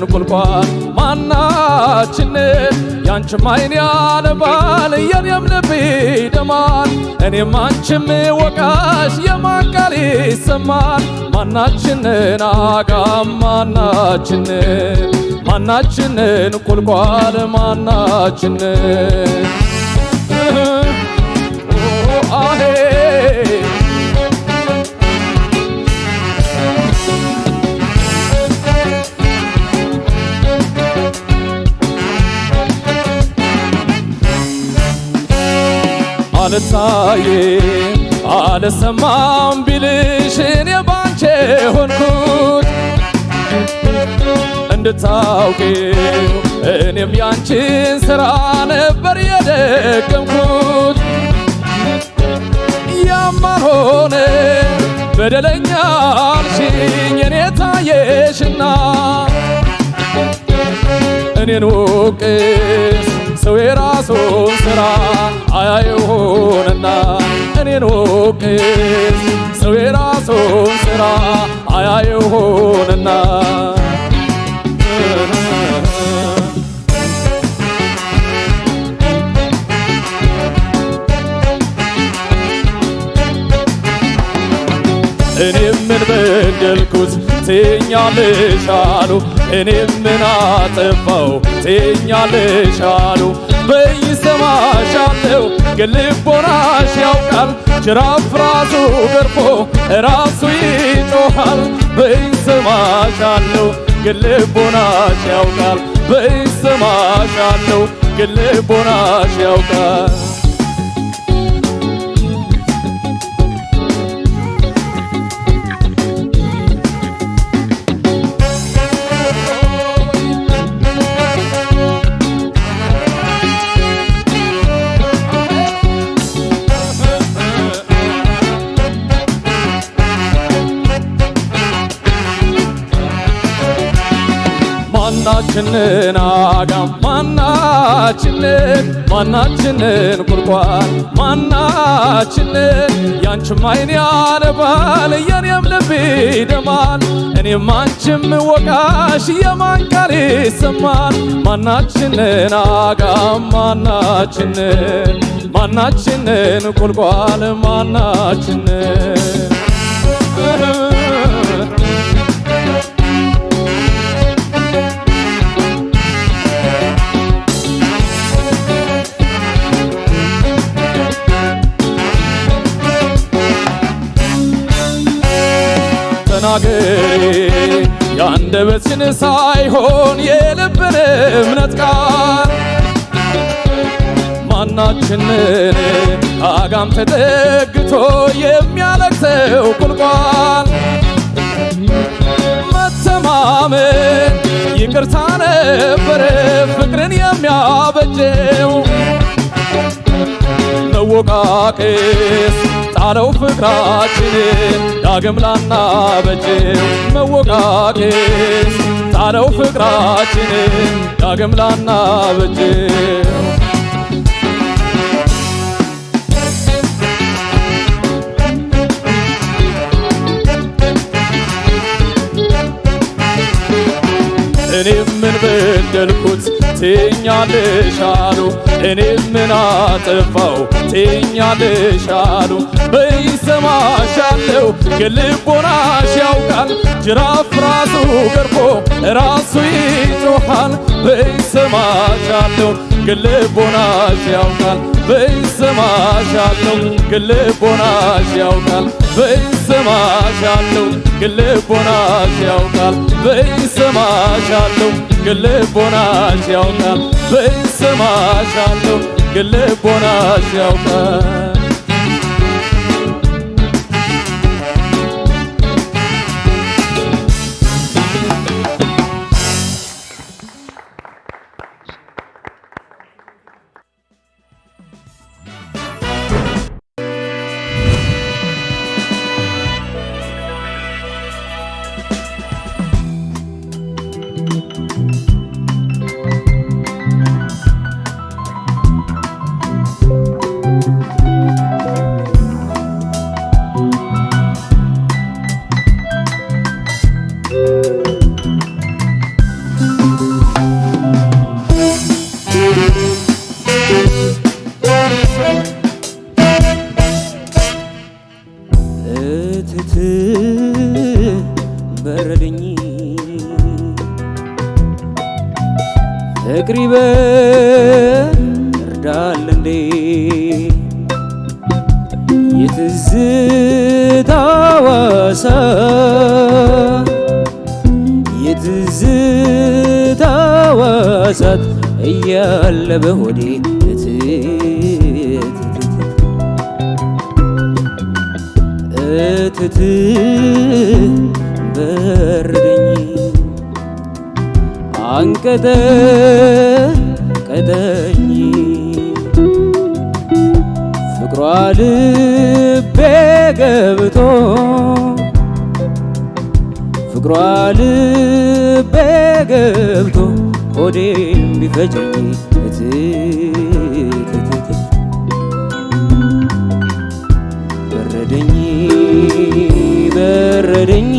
የፍቅርህን ቁልቋል ማናችንን ያንችም አይን ያነባል የኔም ልብ ይደማል እኔም አንችም ወቃሽ የማን ይሰማል ማናችንን አቃም ማናችንን ማናችንን ቁልቋል ማናችንን አልታየ አልሰማም ቢልሽ እኔ ባንቺ ሆንኩት እንድታውቂ እኔም ያንቺን ስራ ነበር የደቀምኩት ያማን ሆነ በደለኛ አልሽኝ እኔ ታየሽና እኔን ወቅስ ሰው የራሱን ሥራ አያይሁንና እኔን ወቅስ ሰው የራሱን ሥራ አያይሁንና እኔ ምን በደልኩት ትይኛለሽ አሉ። እኔም ምን አጠፋው ትይኛለሽ አሉ። በይ ሰማሻለው ግን ልቦናሽ ያውቃል። ጅራፍ ራሱ ገርፎ ራሱ ይጮኻል። በይ ሰማሻለው ግን ልቦናሽ ያውቃል። በይ ሰማሻለው ያውቃል ጅራፍ ራሱ ገርፎ ራሱ ይጮኻል በይ ሰማሻለው ያውቃል በይ ሰማሻለው ግን ያውቃል ማናችንን አጋም ማናችንን ማናችንን ቁልቋል ማናችንን ያንችም አይን ያነባል የኔም ልብ ይደማል እኔም አንችም ወቃሽ የማን ቃል ይሰማል ማናችንን አጋም ማናችንን ማናችንን ቁልቋል ማናችንን የአንደበትን ሳይሆን የልብን እምነት ቃል ማናችንን አጋም ተጠግቶ የሚያለቅሰው ቁልቋል መተማመን ይቅርታ ነበረ ፍቅርን የሚያበጀው መወቃቀስ ጣለው ፍቅራችን ዳግም ላናበጅ መወቃቄስ ጣለው ፍቅራችን ዳግም ላናበጅ ትኛለሽ አሉ እኔ ምን አጠፋው ትኛለሽ አሉ በይ ሰማሻለው ያውቃል ጅራፍ ራሱ ገርፎ ራሱ ይጮሃል በይ ሰማሻለው ግን ልቦናሽ ያውቃል በይ ሰማሻለው ያውቃል በይ ሰማሻለው ያውቃል በይ ግን ልቦናሽ ያውቃል በይሰማሻለሁ ግን ያውቃል ሐሰት እያለ በሆዴ እትት በርደኝ አንቀጠ ቀጠኝ ፍቅሯ ልቤ ገብቶ ፍቅሯ ልቤ ገብቶ ሆዴም ቢፈጀኝ በረደኝ በረደኝ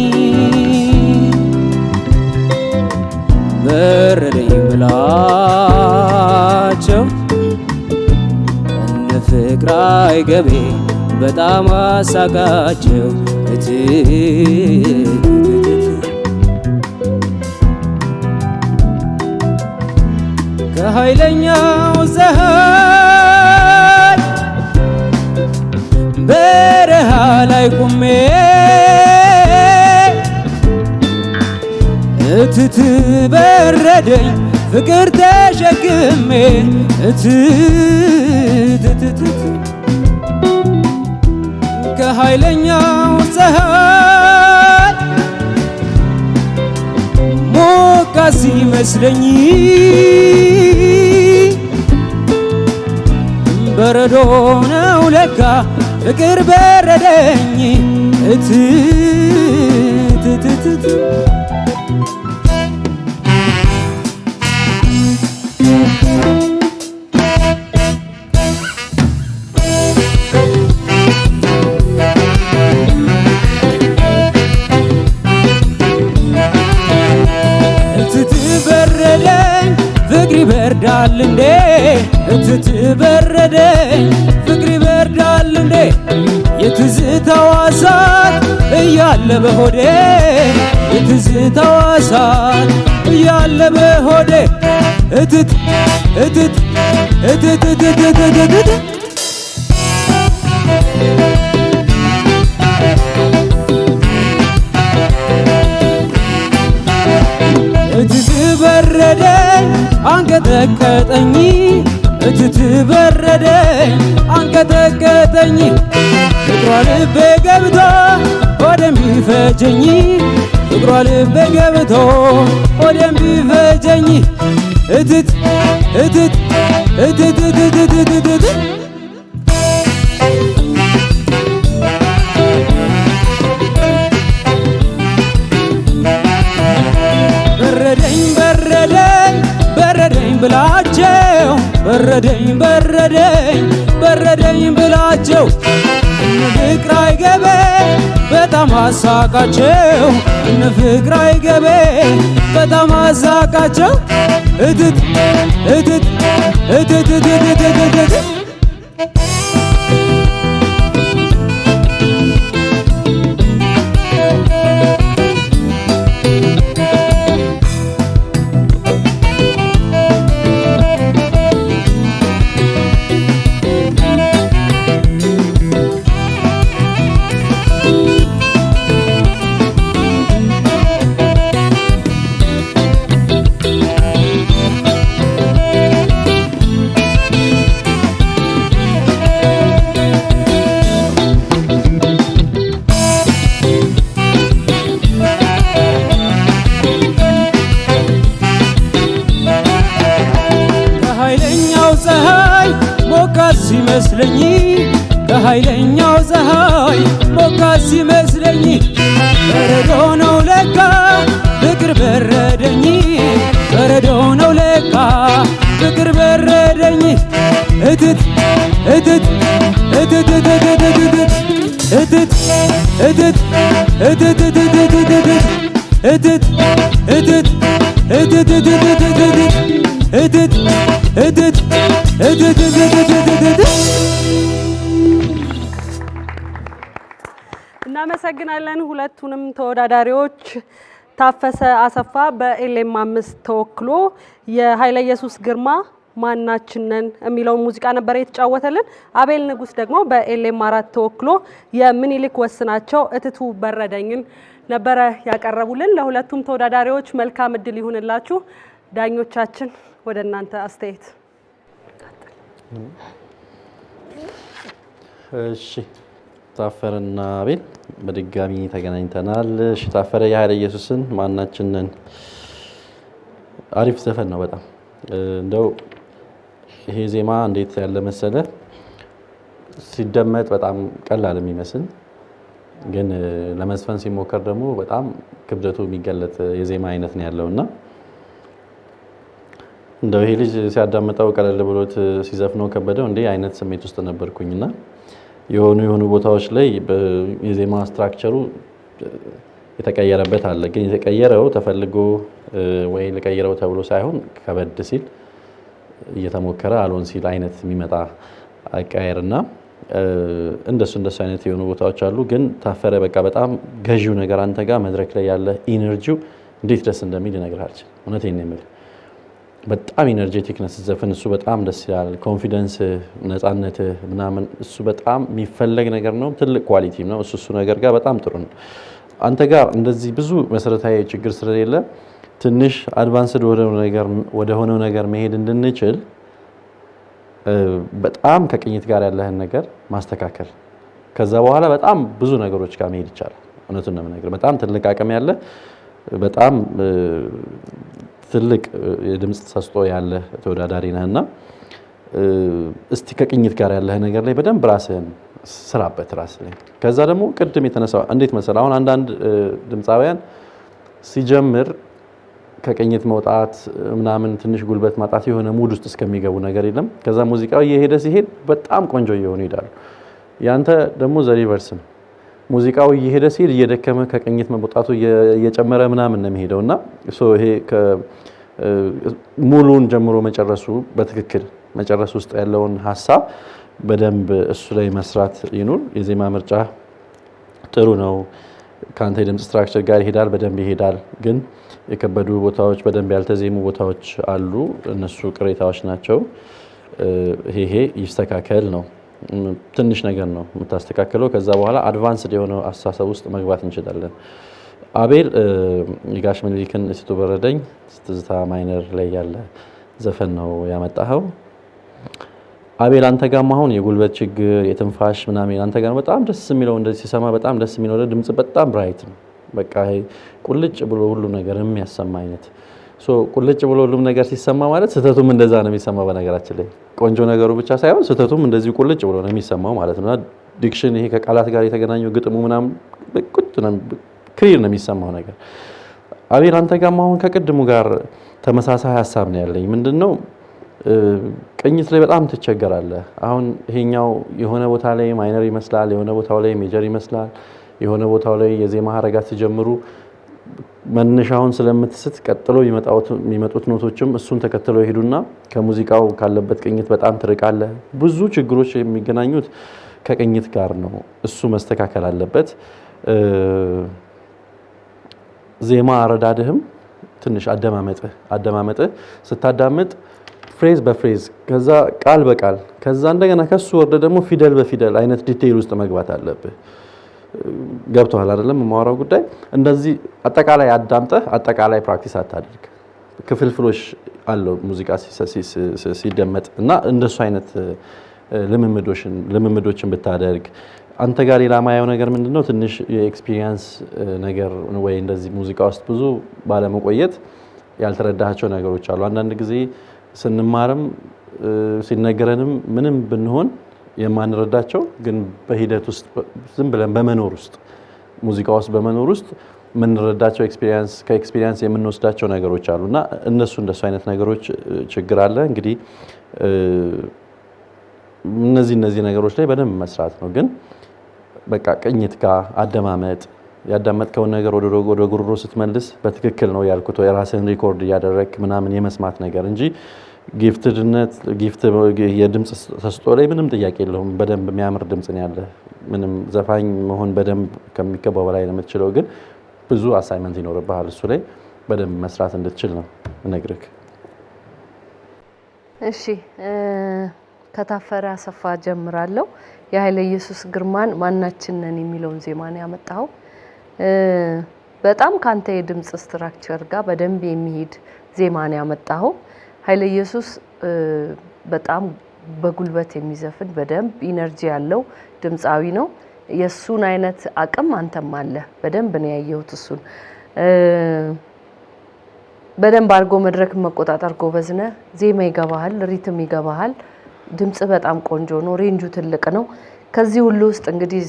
በረደኝ ብላቸው እነ ፍቅር አይገቤ በጣም አሳቃቸው ኃይለኛው ፀሐይ በረሃ ላይ ቁሜ እትት በረደኝ ፍቅር ተሸክሜ እትትትት ከኃይለኛው ፀሐይ ሞቃ ሲመስለኝ በረዶ ነው ለካ ፍቅር በረደኝ እትትትት እትት በረደኝ ፍቅር ይበርዳል እንዴ የትዝታዋ እሳት እያለ በሆዴ የትዝታዋ እሳት እያለ በሆዴ እትት እትት እትት እትት እትት በረደኝ አንገተከጠኝ እትት በረደ አንቀጠቀጠኝ ፍቅሯ ልቤ ገብቶ ወደሚፈጀኝ ፍቅሯ ልቤ ገብቶ ወደሚፈጀኝ እትት እትት እትት በረደኝ በረደኝ በረደኝ ብላቸው እንፍቅር አይገቤ በጣም አሳቃቸው እንፍቅር አይገቤ በጣም አሳቃቸው እትት እትት እትት ኛውዛሃይ ሞካሲ መስለኝ በረዶ ነው ለካ ፍቅር በረደኝ በረዶ ነው ለካ ፍቅር በረደኝ እትት እትት እትትትትትትት እትት እትት እትትትትትትት እትት እትት እትትትትትትት እትት እትት እትትትትትት እናመሰግናለን ሁለቱንም ተወዳዳሪዎች። ታፈሰ አሰፋ በኤሌም አምስት ተወክሎ የኃይለ ኢየሱስ ግርማ ማናችንን የሚለውን ሙዚቃ ነበር የተጫወተልን። አቤል ንጉስ ደግሞ በኤሌም አራት ተወክሎ የምኒልክ ወስናቸው እትቱ በረደኝን ነበረ ያቀረቡልን። ለሁለቱም ተወዳዳሪዎች መልካም እድል ይሁንላችሁ። ዳኞቻችን ወደ እናንተ አስተያየት እሺ ታፈረና አቤል በድጋሚ ተገናኝተናል። እሺ ታፈረ የኃይለ ኢየሱስን ማናችንን አሪፍ ዘፈን ነው በጣም እንደው ይሄ ዜማ እንዴት ያለ መሰለ ሲደመጥ በጣም ቀላል የሚመስል ግን ለመዝፈን ሲሞከር ደግሞ በጣም ክብደቱ የሚገለጥ የዜማ አይነት ነው ያለው እና እንደው ይሄ ልጅ ሲያዳምጠው ቀለል ብሎት ሲዘፍነው ከበደው እንዲህ አይነት ስሜት ውስጥ ነበርኩኝና የሆኑ የሆኑ ቦታዎች ላይ የዜማ ስትራክቸሩ የተቀየረበት አለ። ግን የተቀየረው ተፈልጎ ወይ ልቀይረው ተብሎ ሳይሆን ከበድ ሲል እየተሞከረ አልሆን ሲል አይነት የሚመጣ አቀያየር እና እንደሱ እንደሱ አይነት የሆኑ ቦታዎች አሉ። ግን ታፈረ በቃ በጣም ገዢው ነገር አንተ ጋር መድረክ ላይ ያለ ኢነርጂው እንዴት ደስ እንደሚል ይነግርሃል። እውነቴን ነው የምልህ በጣም ኢነርጄቲክነት ስትዘፍን እሱ በጣም ደስ ይላል። ኮንፊደንስ፣ ነፃነት ምናምን እሱ በጣም የሚፈለግ ነገር ነው። ትልቅ ኳሊቲም ነው። እሱ እሱ ነገር ጋር በጣም ጥሩ ነው። አንተ ጋር እንደዚህ ብዙ መሰረታዊ ችግር ስለሌለ ትንሽ አድቫንስድ ወደሆነው ነገር መሄድ እንድንችል በጣም ከቅኝት ጋር ያለህን ነገር ማስተካከል፣ ከዛ በኋላ በጣም ብዙ ነገሮች ጋር መሄድ ይቻላል። እውነቱን ነው የምነግርህ። በጣም ትልቅ አቅም ያለ በጣም ትልቅ የድምፅ ተሰጥኦ ያለህ ተወዳዳሪ ነህና እስቲ ከቅኝት ጋር ያለህ ነገር ላይ በደንብ ራስህን ስራበት ራስ ከዛ ደግሞ ቅድም የተነሳው እንዴት መሰለህ፣ አሁን አንዳንድ ድምፃውያን ሲጀምር ከቅኝት መውጣት ምናምን ትንሽ ጉልበት ማጣት የሆነ ሙድ ውስጥ እስከሚገቡ ነገር የለም። ከዛ ሙዚቃው እየሄደ ሲሄድ በጣም ቆንጆ እየሆኑ ይሄዳሉ። ያንተ ደግሞ ዘሪቨርስ ሪቨርስ ነው። ሙዚቃው እየሄደ ሲሄድ እየደከመ ከቅኝት መውጣቱ እየጨመረ ምናምን ነው የሚሄደው እና ይሄ ሙሉን ጀምሮ መጨረሱ በትክክል መጨረስ ውስጥ ያለውን ሀሳብ በደንብ እሱ ላይ መስራት ይኑር። የዜማ ምርጫ ጥሩ ነው። ከአንተ የድምፅ ስትራክቸር ጋር ይሄዳል፣ በደንብ ይሄዳል። ግን የከበዱ ቦታዎች፣ በደንብ ያልተዜሙ ቦታዎች አሉ። እነሱ ቅሬታዎች ናቸው። ይሄ ይስተካከል ነው። ትንሽ ነገር ነው የምታስተካክለው። ከዛ በኋላ አድቫንስድ የሆነ አስተሳሰብ ውስጥ መግባት እንችላለን። አቤል የጋሽ ምኒልክን እሲቱ በረደኝ ትዝታ ማይነር ላይ ያለ ዘፈን ነው ያመጣኸው። አቤል አንተ ጋርም አሁን የጉልበት ችግር የትንፋሽ ምናምን አንተ ጋር በጣም ደስ የሚለው እንደዚህ ሲሰማ በጣም ደስ የሚለው ድምጽ በጣም ብራይት ነው። በቃ ቁልጭ ብሎ ሁሉ ነገር የሚያሰማ አይነት ቁልጭ ብሎ ሁሉም ነገር ሲሰማ ማለት ስህተቱም እንደዛ ነው የሚሰማው። በነገራችን ላይ ቆንጆ ነገሩ ብቻ ሳይሆን ስህተቱም እንደዚህ ቁልጭ ብሎ ነው የሚሰማው ማለት ነው። ዲክሽን ይሄ ከቃላት ጋር የተገናኘው ግጥሙ ምናምን ቁጭ ነው ክሊር ነው የሚሰማው ነገር። አቤል አንተ ጋርም አሁን ከቅድሙ ጋር ተመሳሳይ ሀሳብ ነው ያለኝ። ምንድን ነው ቅኝት ላይ በጣም ትቸገራለህ። አሁን ይሄኛው የሆነ ቦታ ላይ ማይነር ይመስላል፣ የሆነ ቦታው ላይ ሜጀር ይመስላል፣ የሆነ ቦታው ላይ የዜማ ሀረጋት ሲጀምሩ መነሻውን ስለምትስት ቀጥሎ የሚመጡት ኖቶችም እሱን ተከትለው ይሄዱና ከሙዚቃው ካለበት ቅኝት በጣም ትርቃለ። ብዙ ችግሮች የሚገናኙት ከቅኝት ጋር ነው። እሱ መስተካከል አለበት። ዜማ አረዳድህም ትንሽ አደማመጥህ አደማመጥህ ስታዳምጥ ፍሬዝ በፍሬዝ ከዛ ቃል በቃል ከዛ እንደገና ከሱ ወርደ ደግሞ ፊደል በፊደል አይነት ዲቴይል ውስጥ መግባት አለብህ። ገብተዋል አይደለም? የማወራው ጉዳይ እንደዚህ አጠቃላይ አዳምጠህ አጠቃላይ ፕራክቲስ አታድርግ። ክፍልፍሎች አለው ሙዚቃ ሲደመጥ እና እንደሱ አይነት ልምምዶችን ብታደርግ አንተ ጋር ሌላ ማየው ነገር ምንድን ነው? ትንሽ የኤክስፒሪየንስ ነገር ወይ እንደዚህ ሙዚቃ ውስጥ ብዙ ባለመቆየት ያልተረዳቸው ነገሮች አሉ። አንዳንድ ጊዜ ስንማርም ሲነገረንም ምንም ብንሆን የማንረዳቸው ግን በሂደት ውስጥ ዝም ብለን በመኖር ውስጥ ሙዚቃ ውስጥ በመኖር ውስጥ የምንረዳቸው ኤክስፒሪየንስ ከኤክስፒሪየንስ የምንወስዳቸው ነገሮች አሉ እና እነሱ እንደሱ አይነት ነገሮች ችግር አለ እንግዲህ እነዚህ እነዚህ ነገሮች ላይ በደንብ መስራት ነው። ግን በቃ ቅኝት ጋር አደማመጥ ያዳመጥከውን ነገር ወደ ጉሮሮ ስትመልስ በትክክል ነው ያልኩት የራስህን ሪኮርድ እያደረግ ምናምን የመስማት ነገር እንጂ ጊፍትድነት ጊፍት የድምፅ ተስጦ ላይ ምንም ጥያቄ የለውም። በደንብ የሚያምር ድምፅ ነው ያለ። ምንም ዘፋኝ መሆን በደንብ ከሚገባው በላይ ነው የምትችለው። ግን ብዙ አሳይመንት ይኖርብሃል እሱ ላይ በደንብ መስራት እንድትችል ነው እነግርህ። እሺ ከታፈረ አሰፋ ጀምራለሁ። የኃይለ ኢየሱስ ግርማን ማናችንን የሚለውን ዜማ ነው ያመጣው። በጣም ከአንተ የድምፅ ስትራክቸር ጋር በደንብ የሚሄድ ዜማ ነው ያመጣኸው። ኃይለ ኢየሱስ በጣም በጉልበት የሚዘፍን በደንብ ኢነርጂ ያለው ድምፃዊ ነው። የእሱን አይነት አቅም አንተም አለ። በደንብ ነው ያየሁት እሱን። በደንብ አድርጎ መድረክ መቆጣጠር ጎበዝ ነህ። ዜማ ይገባሃል፣ ሪትም ይገባሃል። ድምፅ በጣም ቆንጆ ነው። ሬንጁ ትልቅ ነው። ከዚህ ሁሉ ውስጥ እንግዲህ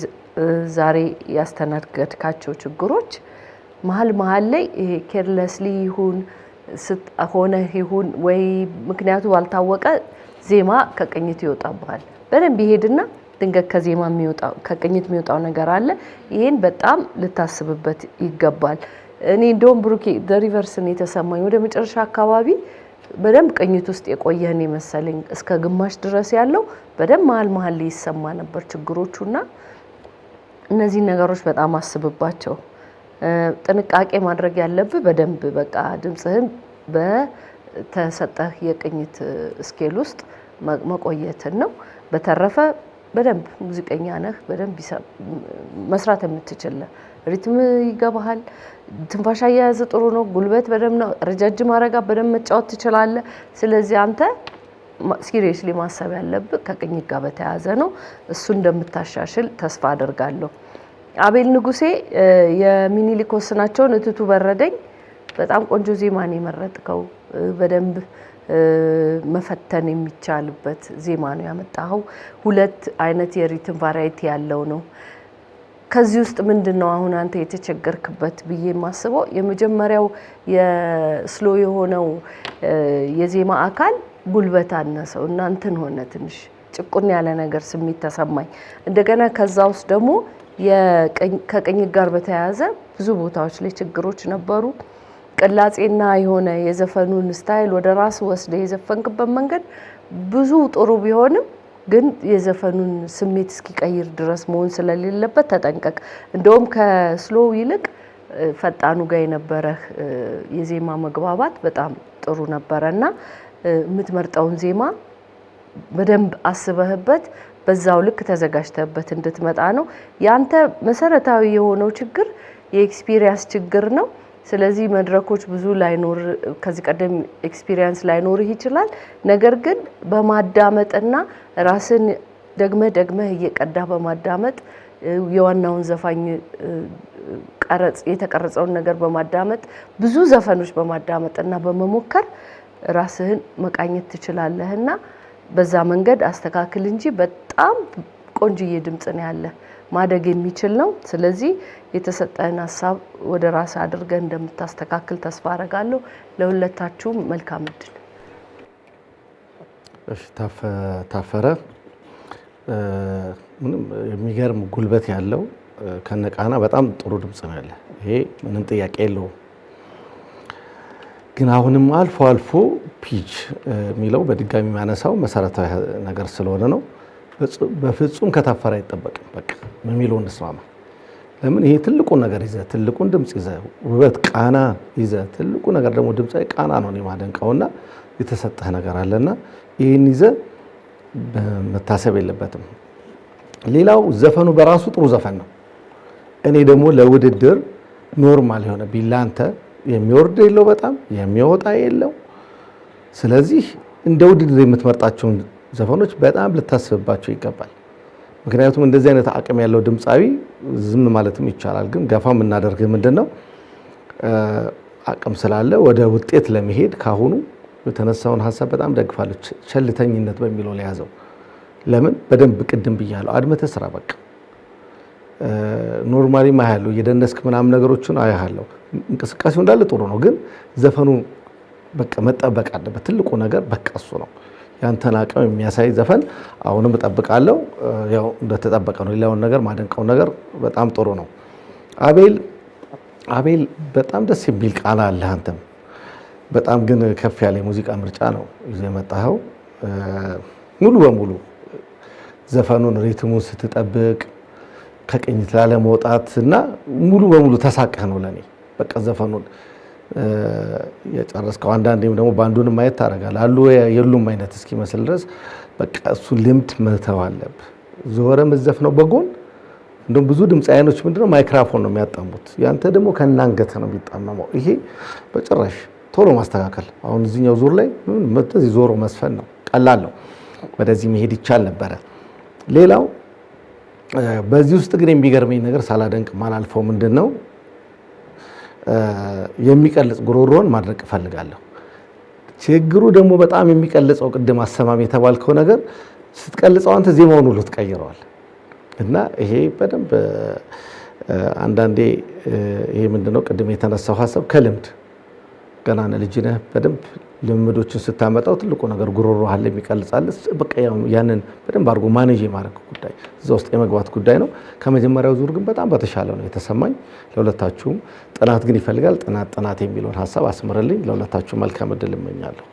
ዛሬ ያስተናገድካቸው ችግሮች መሀል መሀል ላይ ይሄ ኬርለስሊ ይሁን ሆነ ይሁን ወይ ምክንያቱ ባልታወቀ ዜማ ከቅኝት ይወጣብሃል። በደንብ ይሄድና ድንገት ከዜማ የሚወጣው ከቅኝት የሚወጣው ነገር አለ። ይሄን በጣም ልታስብበት ይገባል። እኔ እንደውም ብሩኬ ዘሪቨርስን የተሰማኝ ወደ መጨረሻ አካባቢ በደንብ ቅኝት ውስጥ የቆየህን የመሰለኝ እስከ ግማሽ ድረስ ያለው በደንብ መሀል መሀል ይሰማ ነበር ችግሮቹና እነዚህን ነገሮች በጣም አስብባቸው። ጥንቃቄ ማድረግ ያለብህ በደንብ በቃ ድምፅህን በተሰጠህ የቅኝት ስኬል ውስጥ መቆየትን ነው። በተረፈ በደንብ ሙዚቀኛ ነህ በደንብ መስራት የምትችል ሪትም ይገባሃል። ትንፋሽ አያያዝ ጥሩ ነው። ጉልበት በደንብ ነው። ረጃጅም አረጋ በደንብ መጫወት ትችላለህ። ስለዚህ አንተ ሲሪየስሊ ማሰብ ያለብህ ከቅኝት ጋር በተያያዘ ነው። እሱ እንደምታሻሽል ተስፋ አደርጋለሁ። አቤል ንጉሴ የሚኒሊክ ወስናቸውን እትቱ በረደኝ በጣም ቆንጆ ዜማ ነው የመረጥከው። በደንብ መፈተን የሚቻልበት ዜማ ነው ያመጣኸው። ሁለት አይነት የሪትም ቫራይቲ ያለው ነው። ከዚህ ውስጥ ምንድን ነው አሁን አንተ የተቸገርክበት ብዬ የማስበው የመጀመሪያው የስሎ የሆነው የዜማ አካል ጉልበት አነሰው እናንተን ሆነ ትንሽ ጭቁን ያለ ነገር ስሜት ተሰማኝ። እንደገና ከዛ ውስጥ ደግሞ ከቅኝት ጋር በተያያዘ ብዙ ቦታዎች ላይ ችግሮች ነበሩ። ቅላጼና የሆነ የዘፈኑን ስታይል ወደ ራስ ወስደ የዘፈንክበት መንገድ ብዙ ጥሩ ቢሆንም ግን የዘፈኑን ስሜት እስኪቀይር ድረስ መሆን ስለሌለበት ተጠንቀቅ። እንደውም ከስሎው ይልቅ ፈጣኑ ጋር የነበረህ የዜማ መግባባት በጣም ጥሩ ነበረ እና የምትመርጠውን ዜማ በደንብ አስበህበት በዛው ልክ ተዘጋጅተበት እንድትመጣ ነው። ያንተ መሰረታዊ የሆነው ችግር የኤክስፒሪየንስ ችግር ነው። ስለዚህ መድረኮች ብዙ ላይኖር ከዚህ ቀደም ኤክስፒሪየንስ ላይኖርህ ይችላል። ነገር ግን በማዳመጥና ራስን ደግመ ደግመ እየቀዳ በማዳመጥ የዋናውን ዘፋኝ ቀረጽ የተቀረጸውን ነገር በማዳመጥ ብዙ ዘፈኖች በማዳመጥና በመሞከር ራስህን መቃኘት ትችላለህና በዛ መንገድ አስተካክል እንጂ በጣም ቆንጅዬ ድምፅ ነው ያለ ማደግ የሚችል ነው። ስለዚህ የተሰጠህን ሀሳብ ወደ ራስ አድርገህ እንደምታስተካክል ተስፋ አረጋለሁ። ለሁለታችሁም መልካም እድል። ታፈረ ምንም የሚገርም ጉልበት ያለው ከነቃና በጣም ጥሩ ድምፅ ነው ያለ። ይሄ ምንም ጥያቄ የለውም። ግን አሁንም አልፎ አልፎ ፒች የሚለው በድጋሚ ማነሳው መሰረታዊ ነገር ስለሆነ ነው። በፍጹም ከታፈረ አይጠበቅም። በቃ በሚለው እንስማማ። ለምን ይሄ ትልቁን ነገር ይዘ ትልቁን ድምፅ ይዘ ውበት ቃና ይዘ ትልቁ ነገር ደግሞ ድምፃዊ ቃና ነው የማደንቀውና የተሰጠህ ነገር አለና ይህን ይዘ መታሰብ የለበትም። ሌላው ዘፈኑ በራሱ ጥሩ ዘፈን ነው። እኔ ደግሞ ለውድድር ኖርማል የሆነ ቢላንተ የሚወርድ የለው በጣም የሚወጣ የለው ስለዚህ እንደ ውድድር የምትመርጣቸውን ዘፈኖች በጣም ልታስብባቸው ይገባል። ምክንያቱም እንደዚህ አይነት አቅም ያለው ድምፃዊ ዝም ማለትም ይቻላል፣ ግን ገፋ የምናደርግ ምንድን ነው አቅም ስላለ ወደ ውጤት ለመሄድ ካሁኑ የተነሳውን ሀሳብ በጣም ደግፋለች። ቸልተኝነት በሚለው ለያዘው ለምን በደንብ ቅድም ብያለሁ፣ አድመተ ስራ በቃ ኖርማሊ ማያለሁ፣ እየደነስክ ምናምን ነገሮችን አያለሁ። እንቅስቃሴው እንዳለ ጥሩ ነው፣ ግን ዘፈኑ በቃ መጠበቅ አለበት። ትልቁ ነገር በቃ እሱ ነው። ያንተን አቅም የሚያሳይ ዘፈን አሁንም እጠብቃለሁ። ያው እንደተጠበቀ ነው። ሌላውን ነገር ማደንቀው ነገር በጣም ጥሩ ነው። አቤል አቤል በጣም ደስ የሚል ቃና አለ። አንተም በጣም ግን ከፍ ያለ የሙዚቃ ምርጫ ነው ይዞ የመጣኸው። ሙሉ በሙሉ ዘፈኑን ሪትሙን ስትጠብቅ ከቅኝት ላለመውጣት እና ሙሉ በሙሉ ተሳቀህ ነው ለእኔ በቃ ዘፈኑን የጨረስከው አንዳንዴም ደግሞ በአንዱንም ማየት ታደርጋለህ አሉ የሉም አይነት እስኪመስል ድረስ በቃ እሱ ልምድ መተው አለብ ዞረ መዘፍ ነው በጎን እንደውም ብዙ ድምፅ ድምፃውያኖች ምንድነው ማይክራፎን ነው የሚያጣሙት፣ ያንተ ደግሞ ከናንገተ ነው የሚጣመመው። ይሄ በጭራሽ ቶሎ ማስተካከል። አሁን እዚኛው ዙር ላይ እንደዚህ ዞሮ መስፈን ነው፣ ቀላል ነው። ወደዚህ መሄድ ይቻል ነበረ። ሌላው በዚህ ውስጥ ግን የሚገርመኝ ነገር ሳላደንቅ ማላልፈው ምንድን ነው የሚቀልጽ ጉሮሮን ማድረቅ እፈልጋለሁ። ችግሩ ደግሞ በጣም የሚቀልጸው ቅድም አሰማም የተባልከው ነገር ስትቀልጸው አንተ ዜማውን ሁሉ ትቀይረዋል። እና ይሄ በደንብ አንዳንዴ ይሄ ምንድነው ቅድም የተነሳው ሀሳብ ከልምድ ገና ልጅ ነህ በደንብ ልምዶችን ስታመጣው ትልቁ ነገር ጉሮሮህን የሚቀልጻል። ያንን በደንብ አድርጎ ማኔጅ የማድረግ ጉዳይ እዛ ውስጥ የመግባት ጉዳይ ነው። ከመጀመሪያው ዙር ግን በጣም በተሻለ ነው የተሰማኝ። ለሁለታችሁም ጥናት ግን ይፈልጋል። ጥናት ጥናት የሚለውን ሀሳብ አስምርልኝ። ለሁለታችሁ መልካም እድል እመኛለሁ።